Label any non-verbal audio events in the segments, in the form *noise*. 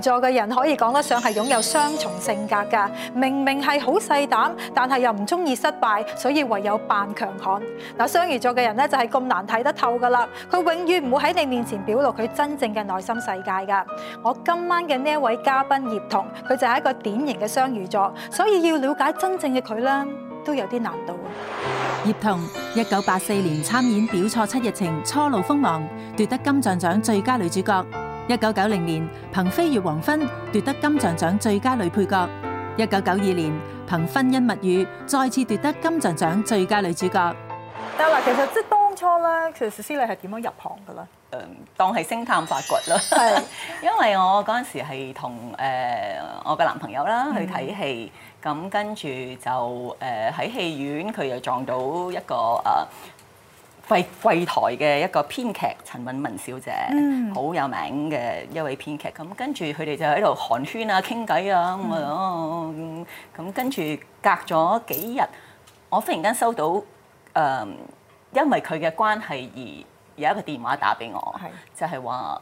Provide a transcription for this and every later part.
雙魚座嘅人可以講得上係擁有雙重性格噶，明明係好細膽，但係又唔中意失敗，所以唯有扮強悍。嗱，雙魚座嘅人咧就係咁難睇得透噶啦，佢永遠唔會喺你面前表露佢真正嘅內心世界噶。我今晚嘅呢一位嘉賓葉童，佢就係一個典型嘅雙魚座，所以要了解真正嘅佢咧都有啲難度。葉童，一九八四年參演《表錯七日情》，初露鋒芒，奪得金像獎最佳女主角。一九九零年，憑《飛越黃昏》奪得金像獎最佳女配角；一九九二年，憑《婚姻物語》再次奪得金像獎最佳女主角。但嗱，其實即係當初咧，其實施麗係點樣入行噶咧？誒，當係星探發掘啦。係，因為我嗰陣時係同誒我嘅男朋友啦去睇戲，咁跟住就誒喺戲院佢又撞到一個誒。貴貴台嘅一個編劇陳敏文，文小姐，好、嗯、有名嘅一位編劇。咁跟住佢哋就喺度寒暄啊、傾偈啊咁、嗯嗯、跟住隔咗幾日，我忽然間收到誒、呃，因為佢嘅關係而有一個電話打俾我，是就係話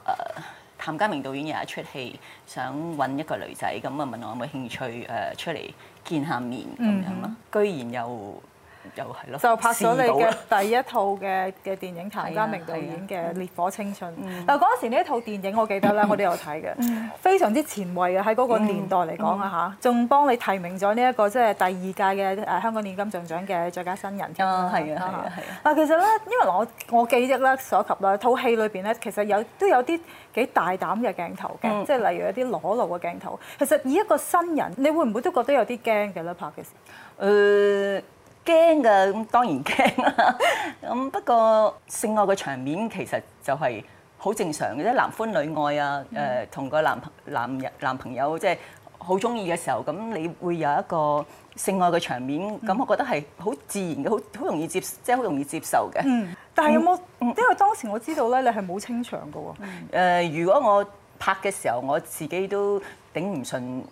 誒，譚家明導演有一出戲，想揾一個女仔，咁啊問我有冇興趣誒、呃、出嚟見下面咁樣啦。嗯嗯、居然又～又係咯，就拍咗你嘅第一套嘅嘅電影，譚家明導演嘅《烈火青春》。嗱，嗰陣時呢一套電影，我記得咧，我都有睇嘅，非常之前衛嘅喺嗰個年代嚟講啊嚇，仲、嗯、幫你提名咗呢一個即係第二屆嘅誒香港電影金像獎嘅最佳新人添啊，係啊、嗯，係、哦、啊，其實咧，因為我我記憶咧所及啦，套戲裏邊咧其實有都有啲幾大膽嘅鏡頭嘅，即係、嗯、例如一啲裸露嘅鏡頭。其實以一個新人，你會唔會都覺得有啲驚嘅咧拍嘅時？誒、呃。驚㗎，咁當然驚啦。咁 *laughs* 不過性愛嘅場面其實就係好正常嘅，即男歡女愛啊。誒、呃，同、嗯、個男朋男男朋友即係好中意嘅時候，咁你會有一個性愛嘅場面。咁我覺得係好自然嘅，好好容易接，即係好容易接受嘅、嗯嗯。嗯，但係有冇？因為當時我知道咧，你係冇清場㗎喎、嗯呃。如果我拍嘅時候，我自己都頂唔順。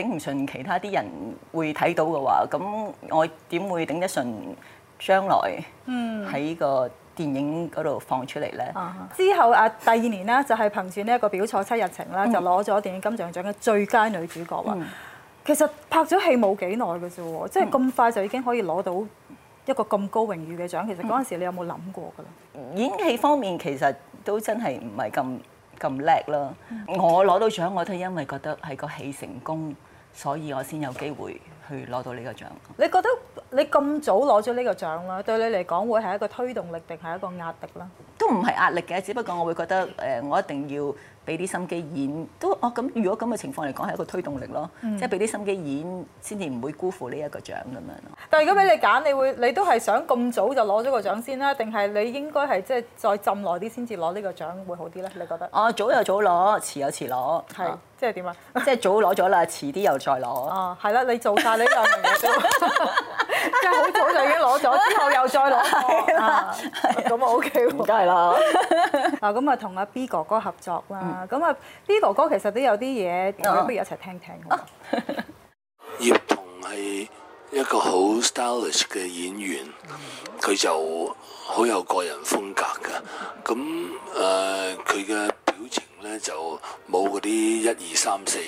頂唔 *music* 順其他啲人會睇到嘅話，咁我點會頂得順將來喺個電影嗰度放出嚟呢、 *music* 嗯哦？之後啊，第二年呢，就係、是、憑住呢一個《表錯七日情》啦，就攞咗電影金像獎嘅最佳女主角喎。其實拍咗戲冇幾耐嘅啫，即係咁快就已經可以攞到一個咁高榮譽嘅獎。嗯、其實嗰陣時你有冇諗過㗎咧、嗯？演戲方面其實都真係唔係咁咁叻啦。嗯、我攞到獎我都因為覺得係個戲成功。所以我先有機會去攞到呢個獎。你覺得你咁早攞咗呢個獎啦，對你嚟講會係一個推動力定係一個壓力啦？唔係壓力嘅，只不過我會覺得誒、呃，我一定要俾啲心機演都哦。咁、啊、如果咁嘅情況嚟講，係一個推動力咯，嗯、即係俾啲心機演，先至唔會辜負呢、嗯、一個獎咁樣。但係如果俾你揀，你會，你都係想咁早就攞咗個獎先啦，定係你應該係即係再浸耐啲先至攞呢個獎會好啲咧？你覺得？哦、啊，早又早攞，遲有遲攞，係即係點啊？啊，即係早攞咗啦，遲啲又再攞。哦、啊，係啦，你做晒你又即係好早就已經攞咗，之後又再攞，咁 *laughs* 的啊 OK 喎，唔，梗係啦。嗱，咁啊同阿 B 哥哥合作啦，咁啊、嗯、B 哥哥其實都有啲嘢，嗯、不如一齊聽聽。啊、 *laughs* 葉童係一個好 stylish 嘅演員，佢就好有個人風格㗎。咁誒，佢嘅表情咧就冇嗰啲一二三四。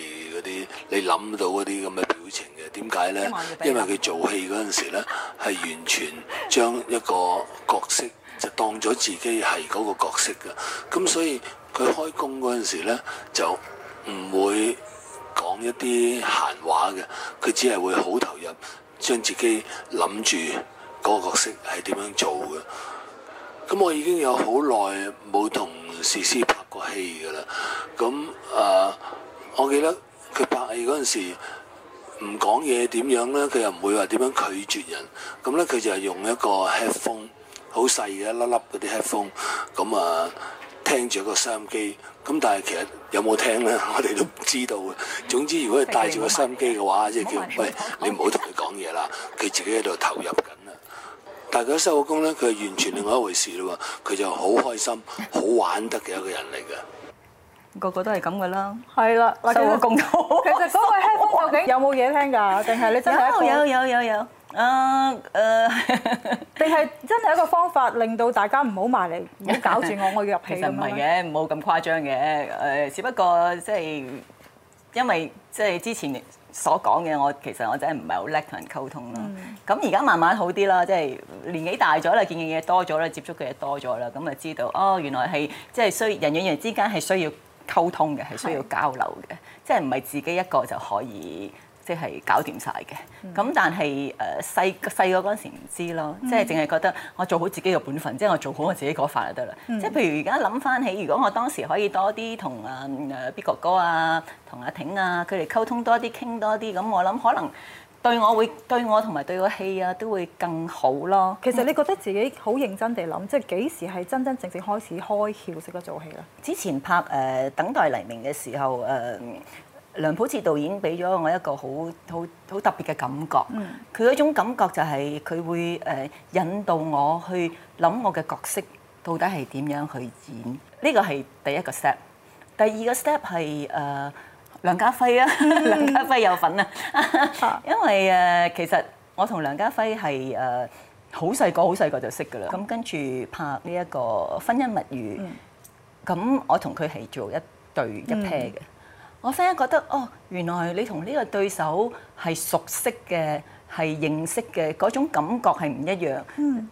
啲你諗到嗰啲咁嘅表情嘅，點解呢？因為佢做戲嗰陣時呢，係 *laughs* 完全將一個角色就當咗自己係嗰個角色㗎。咁所以佢開工嗰陣時呢，就唔會講一啲閒話嘅，佢只係會好投入，將自己諗住嗰個角色係點樣做嘅。咁我已經有好耐冇同施施拍過戲㗎啦。咁啊、呃，我記得。佢拍戲嗰陣時唔講嘢點樣呢？佢又唔會話點樣拒絕人。咁呢，佢就係用一個 headphone，好細嘅一粒粒嗰啲 headphone、啊。咁啊聽住個收音機。咁但係其實有冇聽呢？我哋都唔知道嘅。總之如果你帶住個收音機嘅話，即係叫喂，你唔好同佢講嘢啦，佢自己喺度投入緊啦。但係佢收工呢，佢係完全另外一回事咯喎。佢就好開心、好玩得嘅一個人嚟嘅。個個都係咁嘅啦，係啦，受我共討。其實嗰個聽究竟有冇嘢聽㗎？定係你真係一個有有有有。誒誒，定係真係一個方法，令到大家唔好埋嚟，唔好搞住我，我入氣。其實唔係嘅，唔好咁誇張嘅。誒，只不過即係因為即係之前所講嘅，我其實我真係唔係好叻同人溝通啦。咁而家慢慢好啲啦，即係年紀大咗啦，見嘅嘢多咗啦，接觸嘅嘢多咗啦，咁就知道哦，原來係即係需人與人之間係需要。溝通嘅係需要交流嘅，是即係唔係自己一個就可以，即、就、係、是、搞掂晒嘅。咁、嗯、但係誒、呃、細細個嗰陣時唔知咯，嗯、即係淨係覺得我做好自己嘅本分，嗯、即係我做好我自己嗰塊就得啦。嗯、即係譬如而家諗翻起，如果我當時可以多啲同阿誒 B 哥哥啊、同、啊、阿婷啊佢哋溝通多啲、傾多啲，咁我諗可能。對我會對我同埋對個戲啊，都會更好咯。其實你覺得自己好認真地諗，嗯、即係幾時係真真正正開始開竅識得做戲咧？之前拍誒、呃《等待黎明》嘅時候，誒、呃、梁普智導演俾咗我一個好好好特別嘅感覺。佢嗰、嗯、種感覺就係佢會誒、呃、引導我去諗我嘅角色到底係點樣去演。呢、這個係第一個 step。第二個 step 係誒。呃梁家輝啊，梁家輝有份啊，因為誒其實我同梁家輝係誒好細個，好細個就識噶啦。咁跟住拍呢一個《婚姻物語》，咁我同佢係做一對一 pair 嘅。我忽然間覺得，哦，原來你同呢個對手係熟悉嘅，係認識嘅，嗰種感覺係唔一樣。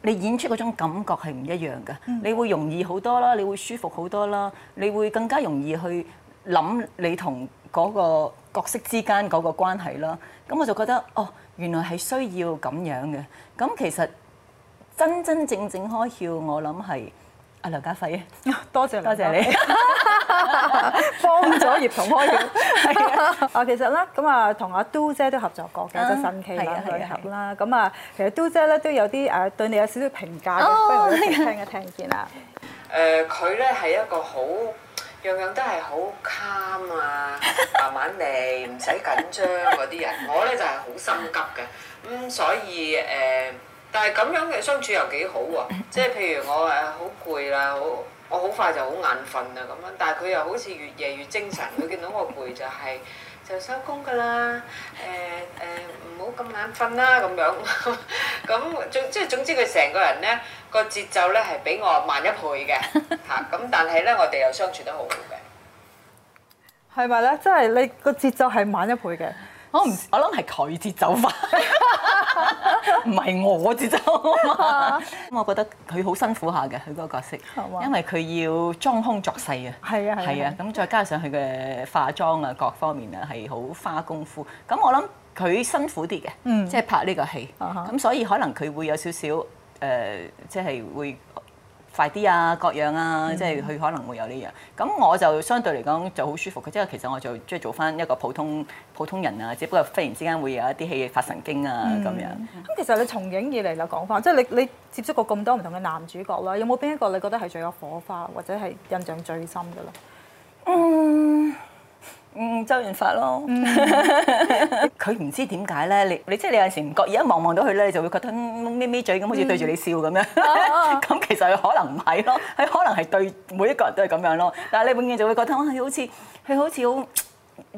你演出嗰種感覺係唔一樣㗎，你會容易好多啦，你會舒服好多啦，你會更加容易去諗你同，嗰個角色之間嗰個關係啦，咁我就覺得哦，原來係需要咁樣嘅。咁其實真真正正開竅，我諗係阿劉家輝啊，多謝多謝你，幫咗葉童開竅。啊，其實咧，咁啊，同阿都姐都合作過嘅，都新奇啦，配合啦。咁啊，其實都姐咧都有啲誒對你有少少評價嘅，不如我哋聽一聽先啦。誒，佢咧係一個好樣樣都係好 calm 啊，慢慢嚟，唔使緊張嗰啲人。我呢就係、是、好心急嘅，咁、嗯、所以誒、呃，但係咁樣嘅相處又幾好喎。即、就、係、是、譬如我誒好攰啦，好，我好快就好眼瞓啦咁樣。但係佢又好似越夜越精神，佢見到我攰就係、是、就收工㗎啦。誒、呃、誒，唔好咁眼瞓啦咁樣。咁 *laughs* 總即係、就是、總之，佢成個人呢，個節奏咧係比我慢一倍嘅，嚇咁但係咧我哋又相處得好好嘅，係咪咧？即係你個節奏係慢一倍嘅，我唔，我諗係佢節奏快，唔 *laughs* 係我節奏啊 *laughs* *laughs* 我覺得佢好辛苦下嘅，佢嗰個角色，吧因為佢要裝腔作勢啊，係啊係啊，咁再加上佢嘅化妝啊各方面啊係好花功夫，咁我諗佢辛苦啲嘅，嗯，即係拍呢個戲，咁、啊、所以可能佢會有少少。誒、呃，即係會快啲啊，各樣啊，嗯、即係佢可能會有呢樣。咁我就相對嚟講就好舒服嘅，即係其實我就中意做翻一個普通普通人啊，只不過忽然之間會有一啲戲發神經啊咁樣。咁、嗯嗯、其實你從影以嚟啦，講翻，即係你你接觸過咁多唔同嘅男主角啦，有冇邊一個你覺得係最有火花或者係印象最深㗎啦？嗯。嗯，周潤發咯，佢 *laughs* 唔知點解咧？你你即係、就是、你有陣時唔覺，而家望望到佢咧，你就會覺得眯眯嘴咁，好似對住你笑咁樣。咁、 *laughs* 嗯啊啊啊、其實佢可能唔係咯，佢可能係對每一個人都係咁樣咯。但係你永遠就會覺得，哇、啊！好似佢好似好，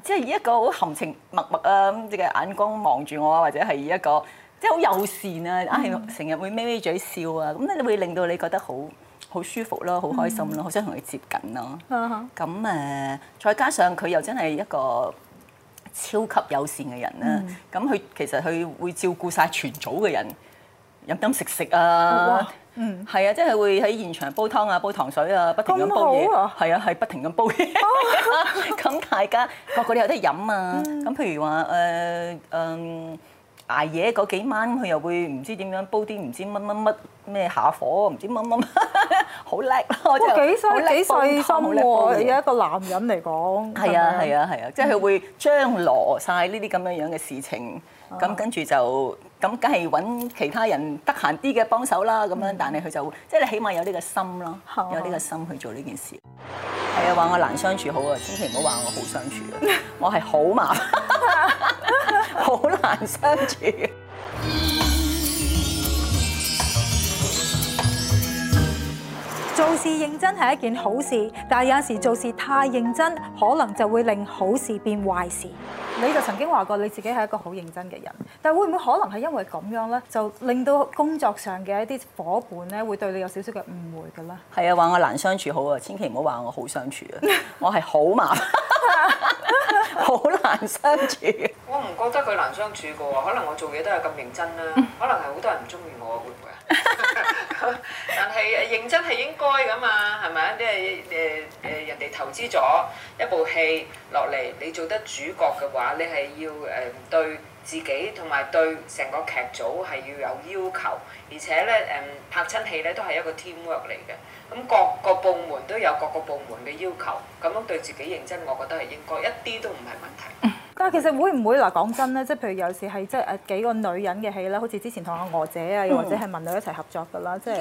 即係以一個好含情脈脈啊咁嘅眼光望住我啊，或者係以一個即係好友善啊，嗯、啊係成日會眯眯嘴笑啊，咁咧會令到你覺得好。好舒服咯，好開心咯，好、mm. 想同佢接近咯。咁誒、uh huh.，再加上佢又真係一個超級友善嘅人啦。咁佢、mm. 其實佢會照顧晒全組嘅人，飲飲食食啊。嗯，係啊，即係會喺現場煲湯啊，煲糖水啊，不停咁煲嘢。係啊，係、啊、不停咁煲嘢。咁大家個個都有得飲啊。咁、mm. 譬如話誒，嗯、呃。呃呃呃捱夜嗰幾晚，佢又會唔知點樣煲啲唔知乜乜乜咩下火，唔知乜乜乜，好 *laughs* 叻害！哇，幾細幾細心喎，有一個男人嚟講。係啊係啊係啊，即係佢會張羅晒呢啲咁樣樣嘅事情，咁、嗯、跟住就咁梗係揾其他人得閒啲嘅幫手啦。咁樣，但係佢就即係你起碼有呢個心啦，嗯、有呢個心去做呢件事。係啊，話我難相處好啊，千祈唔好話我好相處，我係好麻煩。 *laughs* 好 *laughs* 難相處。做事認真係一件好事，但係有時做事太認真，可能就會令好事變壞事。你就曾經話過你自己係一個好認真嘅人，但係會唔會可能係因為咁樣呢，就令到工作上嘅一啲伙伴咧，會對你有少少嘅誤會嘅咧？係 *laughs* 啊，話我難相處好啊，千祈唔好話我好相處啊，我係好麻煩。 *laughs* 好難相處。 *laughs* 我唔覺得佢難相處噶喎，可能我做嘢都係咁認真啦，啊，可能係好多人唔中意我，會唔會啊？ *laughs* *laughs* 但係誒認真係應該㗎嘛，係咪？即係誒誒人哋投資咗一部戲落嚟，你做得主角嘅話，你係要誒對自己同埋對成個劇組係要有要求，而且咧誒拍親戲咧都係一個 teamwork 嚟嘅，咁各個部門都有各個部門嘅要求，咁樣對自己認真，我覺得係應該，一啲都唔係問題。但係其實會唔會嗱講真咧，即係譬如有時係即係誒幾個女人嘅戲啦，好似之前同阿娥姐啊，又或者係文女一齊合作嘅啦，即係誒誒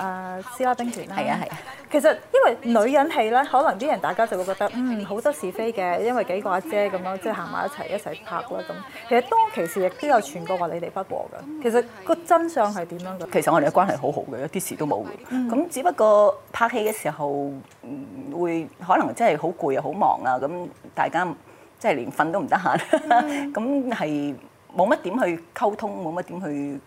啊《師拉兵團》。係啊係。其實因為女人戲咧，可能啲人大家就會覺得嗯好多是非嘅，因為幾個阿姐咁樣即係行埋一齊一齊拍啦咁。其實當其時亦都有傳過話你哋不和嘅。其實個真相係點樣嘅？其實我哋嘅關係好好嘅，一啲事都冇嘅。咁只不過拍戲嘅時候會可能真係好攰又好忙啊，咁大家。即係連瞓都唔得閒，咁係冇乜點去溝通，冇乜點去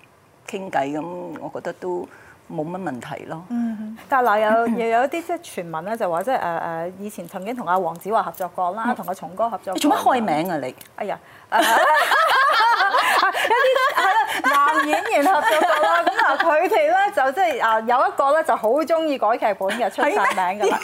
傾偈，咁我覺得都冇乜問題咯、嗯。嗯，但嗱、呃、有又有啲即係傳聞咧，就話即係誒誒以前曾經同阿黃子華合作過啦，同阿松哥合作。你做乜開名啊你？哎呀、呃，有啲男、呃呃、演員合作過啦，咁嗱佢哋咧就即係啊有一個咧、呃、就好中意改劇本嘅出曬名㗎啦。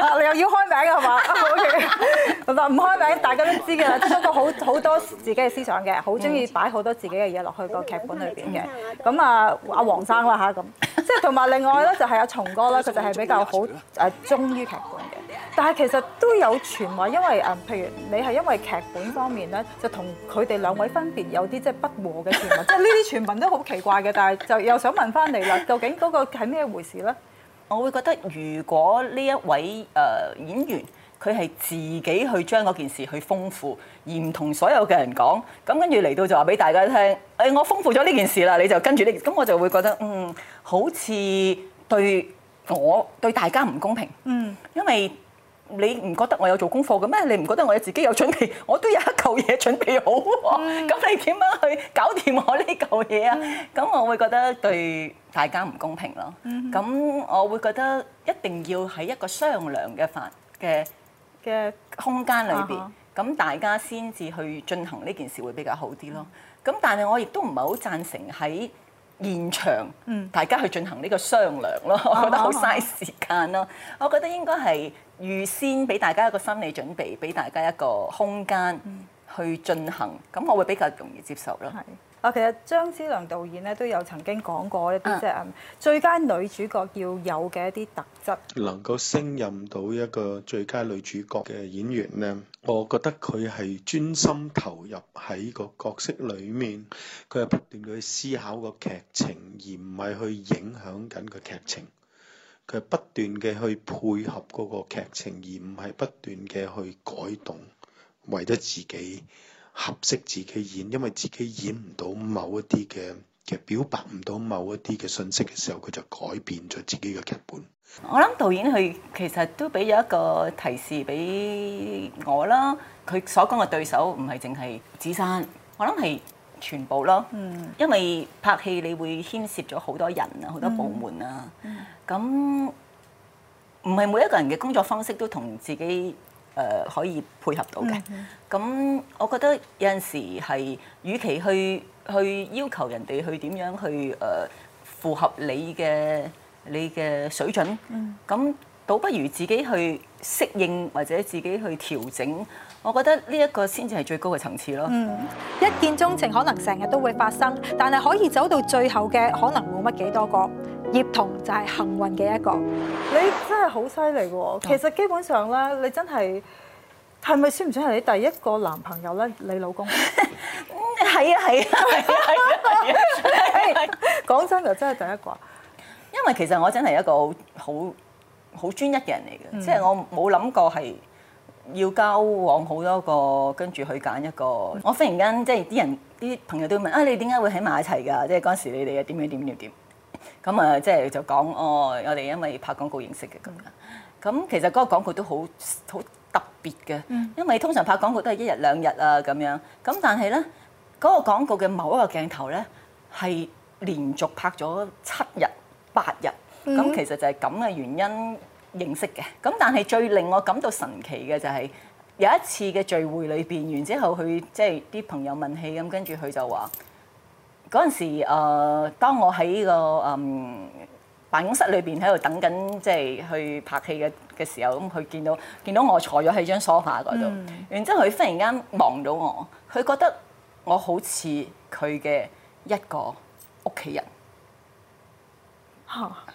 啊！你又要開名係嘛？O K，嗱唔開名，大家都知嘅啦。不過好好多自己嘅思想嘅，好中意擺好多自己嘅嘢落去個劇本裏邊嘅。咁、 *music* 嗯、啊，阿黃、嗯、生啦嚇咁，即係同埋另外咧就係、是、阿、啊、松哥啦，佢、嗯、就係比較好誒忠於劇本嘅。但係其實都有傳話，因為誒，譬如你係因為劇本方面咧，就同佢哋兩位分別有啲即係不和嘅傳聞，即係呢啲傳聞都好奇怪嘅。但係就又想問翻嚟啦，究竟嗰個係咩回事咧？我會覺得，如果呢一位誒、呃、演員，佢係自己去將嗰件事去豐富，而唔同所有嘅人講，咁跟住嚟到就話俾大家聽，誒、哎、我豐富咗呢件事啦，你就跟住呢件事，咁我就會覺得，嗯，好似對我對大家唔公平，嗯，因為。你唔覺得我有做功課嘅咩？你唔覺得我自己有準備？我都有一嚿嘢準備好喎。咁、嗯、你點樣去搞掂我呢嚿嘢啊？咁、嗯、我會覺得對大家唔公平咯。咁、嗯、哼我會覺得一定要喺一個商量嘅法嘅嘅空間裏邊，咁、嗯、哼大家先至去進行呢件事會比較好啲咯。咁、嗯、但係我亦都唔係好贊成喺。現場、嗯、大家去進行呢個商量咯，我覺得好嘥時間咯。哦、我覺得應該係預先俾大家一個心理準備，俾大家一個空間去進行，咁、嗯、我會比較容易接受咯。啊，其實張之亮導演咧都有曾經講過一啲即係最佳女主角要有嘅一啲特質，能夠升任到一個最佳女主角嘅演員咧，我覺得佢係專心投入喺個角色裏面，佢係不斷去思考個劇情，而唔係去影響緊個劇情。佢係不斷嘅去配合嗰個劇情，而唔係不斷嘅去改動，為咗自己。合適自己演，因為自己演唔到某一啲嘅其實嘅表白唔到某一啲嘅信息嘅時候，佢就改變咗自己嘅劇本。我諗導演佢其實都俾咗一個提示俾我啦。佢所講嘅對手唔係淨係子珊，我諗係全部咯。嗯，因為拍戲你會牽涉咗好多人啊，好多部門啊。嗯，咁唔係每一個人嘅工作方式都同自己。誒、呃、可以配合到嘅，咁、嗯嗯、我覺得有陣時係，與其去去要求人哋去點樣去誒、呃、符合你嘅你嘅水準，咁、嗯。倒不如自己去適應或者自己去調整，我覺得呢一個先至係最高嘅層次咯。嗯，一見鍾情可能成日都會發生，但係可以走到最後嘅可能冇乜幾多個。葉童就係幸運嘅一個。你真係好犀利喎！其實基本上咧，你真係係咪算唔算係你第一個男朋友咧？你老公？係啊係啊係啊！講、啊啊啊、 *laughs* *laughs* 真就真係第一個。因為其實我真係一個好好專一嘅人嚟嘅，嗯、即係我冇諗過係要交往好多個，跟住去揀一個。嗯、我忽然間即係啲人啲朋友都會問啊，你點解會喺埋一齊㗎？即係嗰陣時你哋啊點樣點點點咁啊，即係就講、哦、我我哋因為拍廣告認識嘅咁樣。咁、嗯、其實嗰個廣告都好好特別嘅，嗯、因為通常拍廣告都係一日兩日啊咁樣。咁但係咧嗰個廣告嘅某一個鏡頭咧係連續拍咗七日八日。咁其實就係咁嘅原因認識嘅。咁但係最令我感到神奇嘅就係有一次嘅聚會裏邊，然之後佢即係啲朋友問起咁，跟住佢就話：嗰陣時誒，當我喺呢個誒辦公室裏邊喺度等緊，即係去拍戲嘅嘅時候，咁佢見到見到我坐咗喺張梳化嗰度，然之後佢忽然間望到我，佢覺得我好似佢嘅一個屋企人。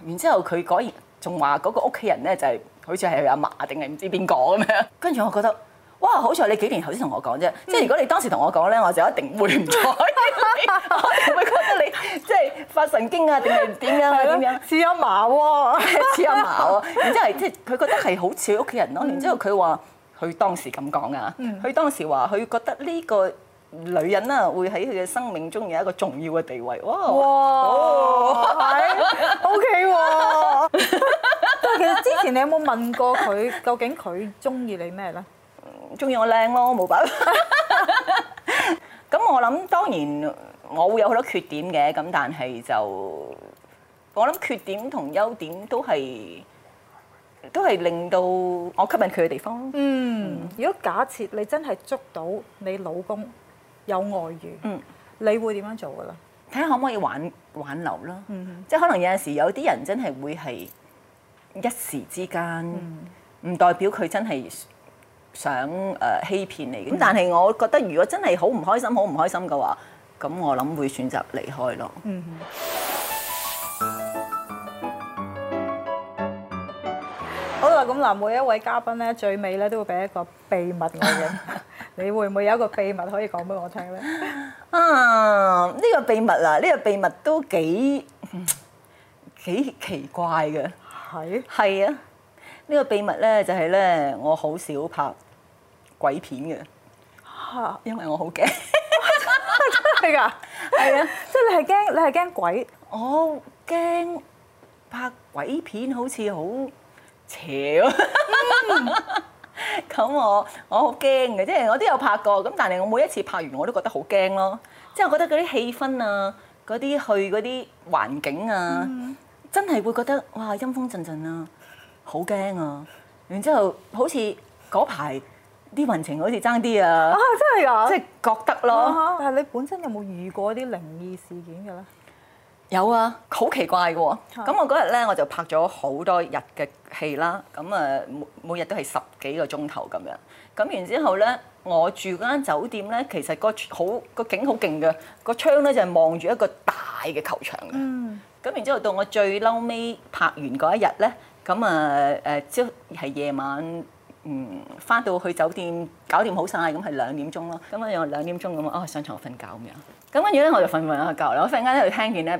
然之後佢果然仲話嗰個屋企人咧就係好似係阿嫲定係唔知邊個咁樣，跟住我覺得哇好在你幾年頭先同我講啫，即係、嗯、如果你當時同我講咧，我就一定會唔睬， *laughs* *laughs* 我會覺得你即係發神經對麼啊定係點樣啊點樣似阿嫲喎，似阿嫲喎，然之後即係佢覺得係好似屋企人咯，嗯、然之後佢話佢當時咁講啊，佢、嗯、 *laughs* 當時話佢覺得呢、這個。女人啊，會喺佢嘅生命中有一個重要嘅地位。哇！係，O K 喎。其實之前你有冇問過佢，究竟佢中意你咩咧？中意我靚咯，冇辦法。咁我諗，當然我會有好多缺點嘅，咁但係就我諗缺點同優點都係都係令到我吸引佢嘅地方咯。嗯，如果假設你真係捉到你老公，有外遇，嗯，你會點樣做噶啦？睇下可唔可以挽挽留啦。嗯哼，即係可能有陣時有啲人真係會係一時之間，唔、嗯、哼、代表佢真係想誒、呃、欺騙你。咁、嗯、但係我覺得，如果真係好唔開心、好唔開心嘅話，咁我諗會選擇離開咯。嗯咁嗱，每一位嘉賓咧，最尾咧都會俾一個秘密我嘅。 *laughs* 你會唔會有一個秘密可以講俾我聽咧？啊，呢、這個秘密啊，呢、這個秘密都幾幾奇怪嘅。係係是啊，呢、這個秘密咧就係咧，我好少拍鬼片嘅。哈因為我好驚。 *laughs* *laughs* 真係㗎嗎？係 *laughs* 啊！即係 *laughs* 你係驚，你係驚鬼？我驚拍鬼片好似好～邪咁、啊嗯、 *laughs* 我我好驚嘅，即係我都有拍過，咁但係我每一次拍完我都覺得好驚咯，即係我覺得嗰啲氣氛啊，嗰啲去嗰啲環境啊，嗯、真係會覺得哇陰風陣陣啊，好驚啊！然之後好似嗰排啲運程好似爭啲啊，真係啊，即係覺得咯、啊。但係你本身有冇遇過啲靈異事件嘅咧？有啊，好奇怪嘅喎、哦！咁、嗯、我嗰日咧，我就拍咗好多日嘅戲啦，咁啊每每日都係十幾個鐘頭咁樣。咁然之後咧，我住間酒店咧，其實、那個好個景好勁嘅，個窗咧就係、是、望住一個大嘅球場嘅。嗯。咁然之後到我最嬲尾拍完嗰一日咧，咁啊誒朝係夜晚，嗯，翻到去酒店搞掂好晒。咁係兩點鐘咯。咁啊我兩點鐘咁啊上床瞓覺咁樣。咁跟住咧我就瞓瞓一個覺，然後我忽然間咧就聽見咧。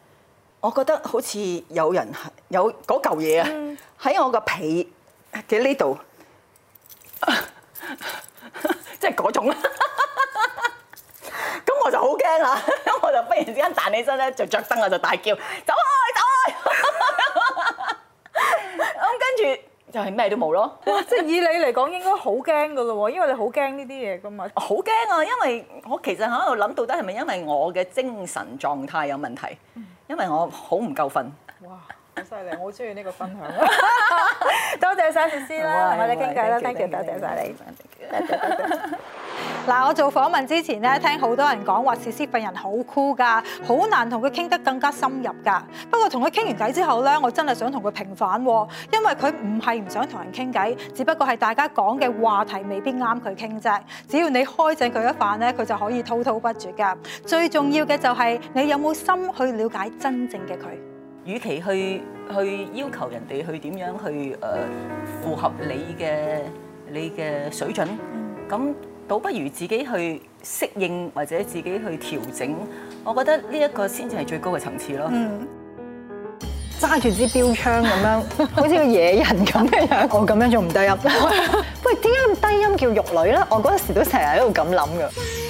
我覺得好似有人有嗰嚿嘢啊，喺我個皮嘅呢度，即係嗰種啦。咁我就好驚啦，咁我就忽然之間彈起身咧，就着燈我就大叫：走開，走開！咁跟住就係咩都冇咯。即 *laughs* 係以你嚟講，應該好驚噶咯喎，因為你好驚呢啲嘢噶嘛。好驚啊！因為我其實喺度諗，到底係咪因為我嘅精神狀態有問題？因為我好唔夠瞓。哇，好犀利！我好中意呢個分享。 *laughs* *laughs* 多謝晒！先啦，我哋傾偈啦，Thank you！多謝晒！你。嗱，我做訪問之前咧，聽好多人講話，事事份人好酷㗎，好難同佢傾得更加深入㗎。不過同佢傾完偈之後咧，我真係想同佢平反，因為佢唔係唔想同人傾偈，只不過係大家講嘅話題未必啱佢傾啫。只要你開正佢一番咧，佢就可以滔滔不絕㗎。最重要嘅就係你有冇心去了解真正嘅佢。與其去去要求人哋去點樣去誒、呃、符合你嘅你嘅水準，咁。倒不如自己去適應或者自己去調整，我覺得呢一個先至係最高嘅層次咯。揸住支標槍咁樣， *laughs* 好似個野人咁嘅 *laughs* 樣。 *laughs* *laughs* 我咁樣仲唔低入低音？喂，點解咁低音叫玉女咧？我嗰陣時都成日喺度咁諗㗎。